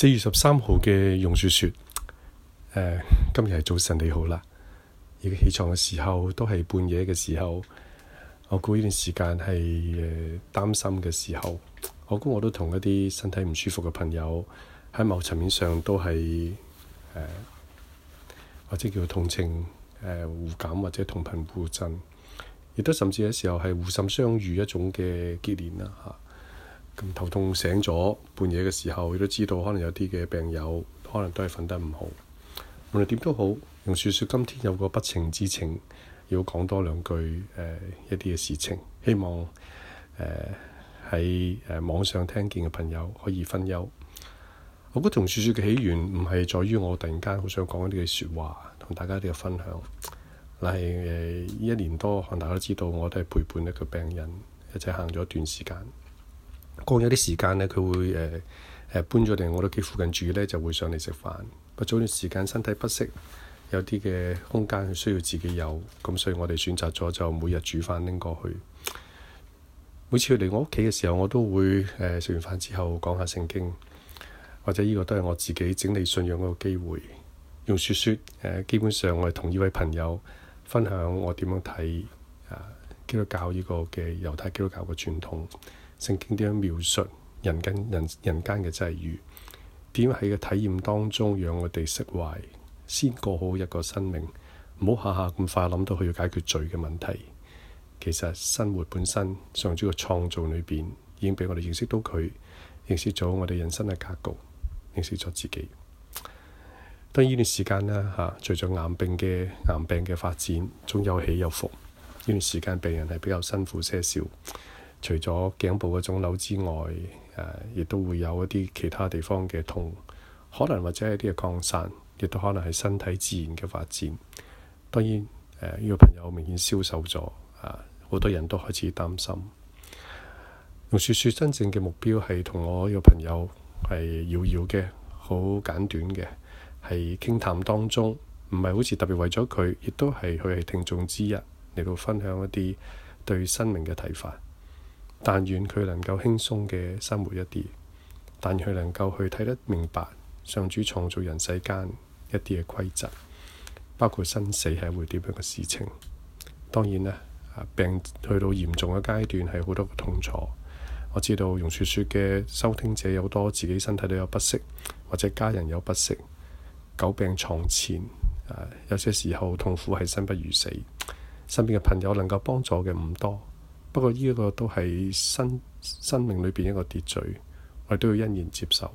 四月十三號嘅榕樹說：誒，今日係早晨，你好啦。已經起床嘅時候都係半夜嘅時候。我估呢段時間係誒擔心嘅時候。我估我都同一啲身體唔舒服嘅朋友喺某層面上都係誒、呃、或者叫做同情誒、呃、互感或者同頻互震，亦都甚至有時候係互滲相遇一種嘅結連。啦、啊、吓。咁頭痛醒咗，半夜嘅時候，亦都知道可能有啲嘅病友可能都係瞓得唔好。無論點都好，用雪雪今天有個不情之請，要講多兩句誒、呃、一啲嘅事情。希望誒喺誒網上聽見嘅朋友可以分憂。我覺得同雪雪嘅起源唔係在於我突然間好想講一啲嘅説話同大家一啲嘅分享，但係呢、呃、一年多，可能大家都知道我都係陪伴一個病人一齊行咗一段時間。過咗啲時間呢，佢會誒誒、呃呃、搬咗嚟我屋企附近住呢，就會上嚟食飯。不過早段時間身體不適，有啲嘅空間佢需要自己有，咁所以我哋選擇咗就每日煮飯拎過去。每次佢嚟我屋企嘅時候，我都會誒食、呃、完飯之後講下聖經，或者呢個都係我自己整理信仰嗰個機會，用説説誒，基本上我係同呢位朋友分享我點樣睇啊、呃、基督教呢個嘅猶太基督教嘅傳統。正經點樣描述人間人、人間嘅際遇？點喺個體驗當中，讓我哋釋懷，先過好一個生命。唔好下下咁快諗到佢要解決罪嘅問題。其實生活本身，上主嘅創造裏邊，已經俾我哋認識到佢認識咗我哋人生嘅格局，認識咗自己。當然呢段時間啦，嚇隨著癌病嘅癌病嘅發展，仲有起有伏。呢段時間病人係比較辛苦些少。除咗頸部嘅腫瘤之外，誒、啊，亦都會有一啲其他地方嘅痛，可能或者係一啲嘅擴散，亦都可能係身體自然嘅發展。當然，誒、啊、呢、這個朋友明顯消瘦咗，啊，好多人都開始擔心。用雪雪真正嘅目標係同我呢個朋友係遙遙嘅，好簡短嘅，係傾談當中，唔係好似特別為咗佢，亦都係佢係聽眾之一嚟到分享一啲對生命嘅睇法。但願佢能夠輕鬆嘅生活一啲，但佢能夠去睇得明白上主創造人世間一啲嘅規則，包括生死係會點樣嘅事情。當然咧，病去到嚴重嘅階段係好多嘅痛楚。我知道容雪雪嘅收聽者有多自己身體都有不適，或者家人有不適，久病床前，有些時候痛苦係生不如死。身邊嘅朋友能夠幫助嘅唔多。不過，呢一個都係生生命裏邊一個秩序，我哋都要欣然接受。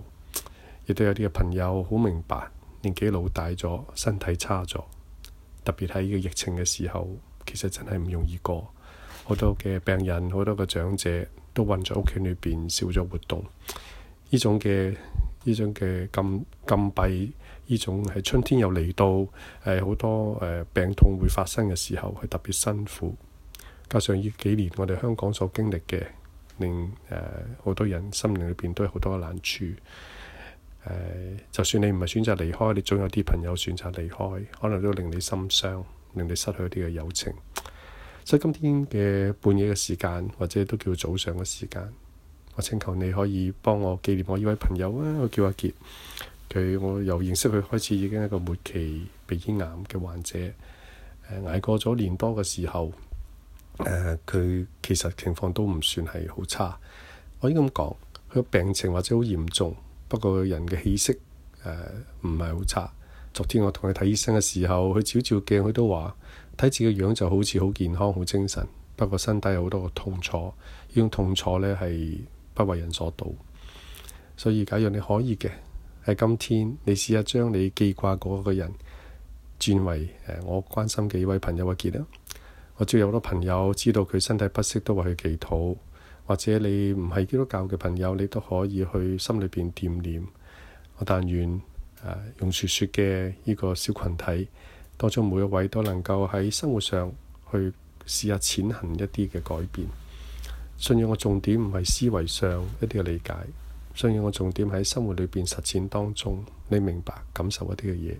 亦都有啲嘅朋友好明白，年紀老大咗，身體差咗，特別喺呢個疫情嘅時候，其實真係唔容易過。好多嘅病人，好多嘅長者都困咗屋企裏邊，少咗活動。呢種嘅呢種嘅禁禁閉，呢種係春天又嚟到，誒，好多誒，病痛會發生嘅時候，係特別辛苦。加上呢幾年，我哋香港所經歷嘅，令誒、呃、好多人心靈裏邊都有好多嘅難處。誒、呃，就算你唔係選擇離開，你總有啲朋友選擇離開，可能都令你心傷，令你失去一啲嘅友情。所以今天嘅半夜嘅時間，或者都叫早上嘅時間，我請求你可以幫我紀念我呢位朋友啊。我叫阿傑，佢我由認識佢開始已經係一個末期鼻咽癌嘅患者。誒、呃、捱過咗年多嘅時候。誒，佢、呃、其實情況都唔算係好差，可以咁講，佢個病情或者好嚴重，不過人嘅氣息誒唔係好差。昨天我同佢睇醫生嘅時候，佢照照鏡，佢都話睇自己樣就好似好健康、好精神。不過身體有好多個痛楚，呢種痛楚呢係不為人所道。所以假如你可以嘅，喺今天你試下將你記掛嗰個人轉為誒，我關心嘅一位朋友阿傑啦。我知有好多朋友知道佢身體不適，都為佢祈禱。或者你唔係基督教嘅朋友，你都可以去心裏邊掂念。我但願誒、啊、用説説嘅呢個小群體當中每一位都能夠喺生活上去試下淺行一啲嘅改變。信仰嘅重點唔係思維上一啲嘅理解，信仰嘅重點喺生活裏邊實踐當中，你明白感受一啲嘅嘢。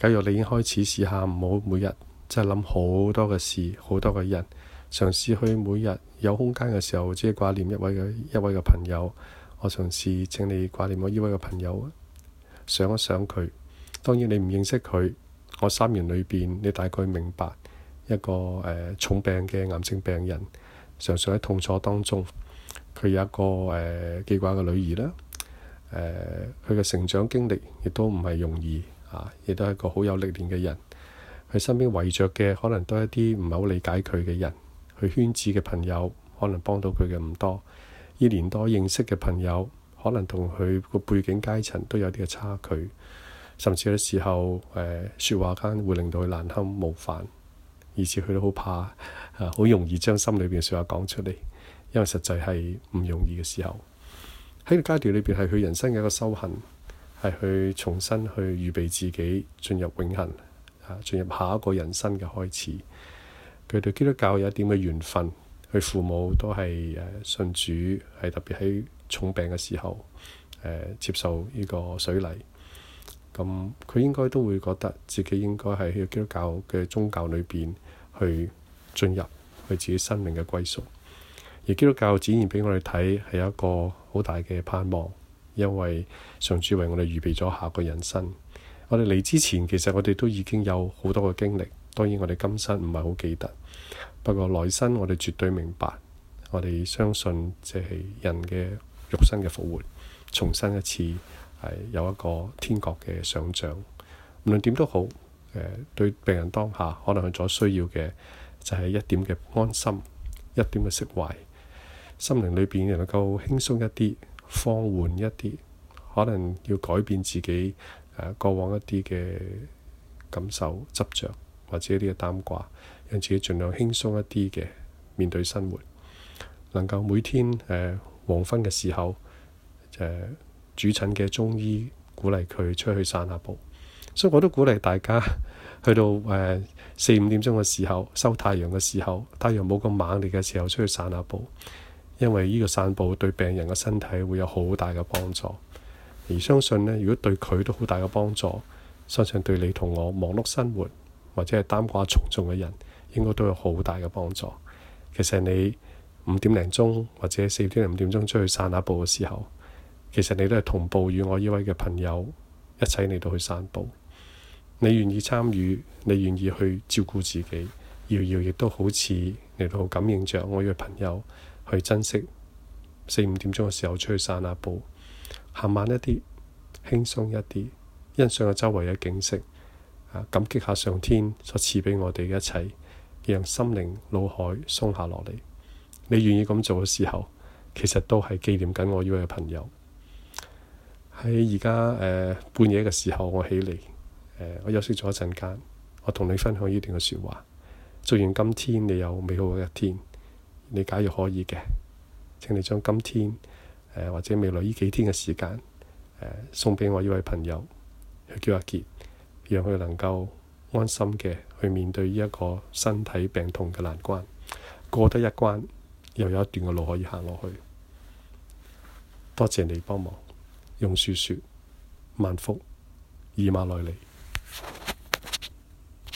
假如你已經開始試下，唔好每日。真係諗好多嘅事，好多嘅人，嘗試去每日有空間嘅時候，只係掛念一位嘅、一位嘅朋友。我嘗試請你掛念我呢位嘅朋友啊，想一想佢。當然你唔認識佢，我三年裏邊，你大概明白一個誒、呃、重病嘅癌症病人，常常喺痛楚當中，佢有一個誒記掛嘅女兒啦。誒、呃，佢嘅成長經歷亦都唔係容易啊，亦都係一個好有歷練嘅人。佢身邊圍着嘅可能都係一啲唔係好理解佢嘅人，佢圈子嘅朋友可能幫到佢嘅唔多。呢年多認識嘅朋友，可能同佢個背景階層都有啲嘅差距，甚至有時候誒説話間會令到佢難堪冒犯，而且佢都好怕啊，好容易將心裏邊嘅説話講出嚟，因為實際係唔容易嘅時候。喺個階段裏邊係佢人生嘅一個修行，係去重新去預備自己進入永恆。進入下一個人生嘅開始，佢對基督教有一點嘅緣分，佢父母都係誒信主，係特別喺重病嘅時候誒、呃、接受呢個水禮，咁佢應該都會覺得自己應該係喺基督教嘅宗教裏邊去進入佢自己生命嘅歸屬，而基督教展現俾我哋睇係有一個好大嘅盼望，因為上主為我哋預備咗下一個人生。我哋嚟之前，其實我哋都已經有好多嘅經歷。當然，我哋今生唔係好記得，不過來生我哋絕對明白。我哋相信，即係人嘅肉身嘅復活，重生一次係有一個天國嘅想象。無論點都好，誒、呃，對病人當下可能佢所需要嘅就係一點嘅安心，一點嘅釋懷，心靈裏邊能夠輕鬆一啲，放緩一啲，可能要改變自己。誒、啊、過往一啲嘅感受執着、或者一啲嘅擔掛，讓自己盡量輕鬆一啲嘅面對生活，能夠每天誒、啊、黃昏嘅時候誒、啊、主診嘅中醫鼓勵佢出去散下步，所以我都鼓勵大家去到誒四五點鐘嘅時候收太陽嘅時候，太陽冇咁猛烈嘅時候出去散下步，因為呢個散步對病人嘅身體會有好大嘅幫助。而相信呢，如果對佢都好大嘅幫助，相信對你同我忙碌生活或者係擔掛重重嘅人，應該都有好大嘅幫助。其實你五點零鐘或者四點零五點鐘出去散下步嘅時候，其實你都係同步與我依位嘅朋友一齊嚟到去散步。你願意參與，你願意去照顧自己，遙遙亦都好似嚟到感應着我嘅朋友去珍惜四五點鐘嘅時候出去散下步。行慢一啲，輕鬆一啲，欣賞下周圍嘅景色，啊，感激下上天所賜俾我哋嘅一切，讓心靈腦海鬆下落嚟。你願意咁做嘅時候，其實都係紀念緊我呢位嘅朋友。喺而家誒半夜嘅時候，我起嚟，呃，我休息咗一陣間，我同你分享呢段嘅説話。祝願今天，你有美好嘅一天。你假如可以嘅，請你將今天誒或者未來呢幾天嘅時間，誒送俾我呢位朋友，佢叫阿杰，讓佢能夠安心嘅去面對呢一個身體病痛嘅難關，過得一關又有一段嘅路可以行落去。多謝你幫忙，用樹說，萬福，以馬內利。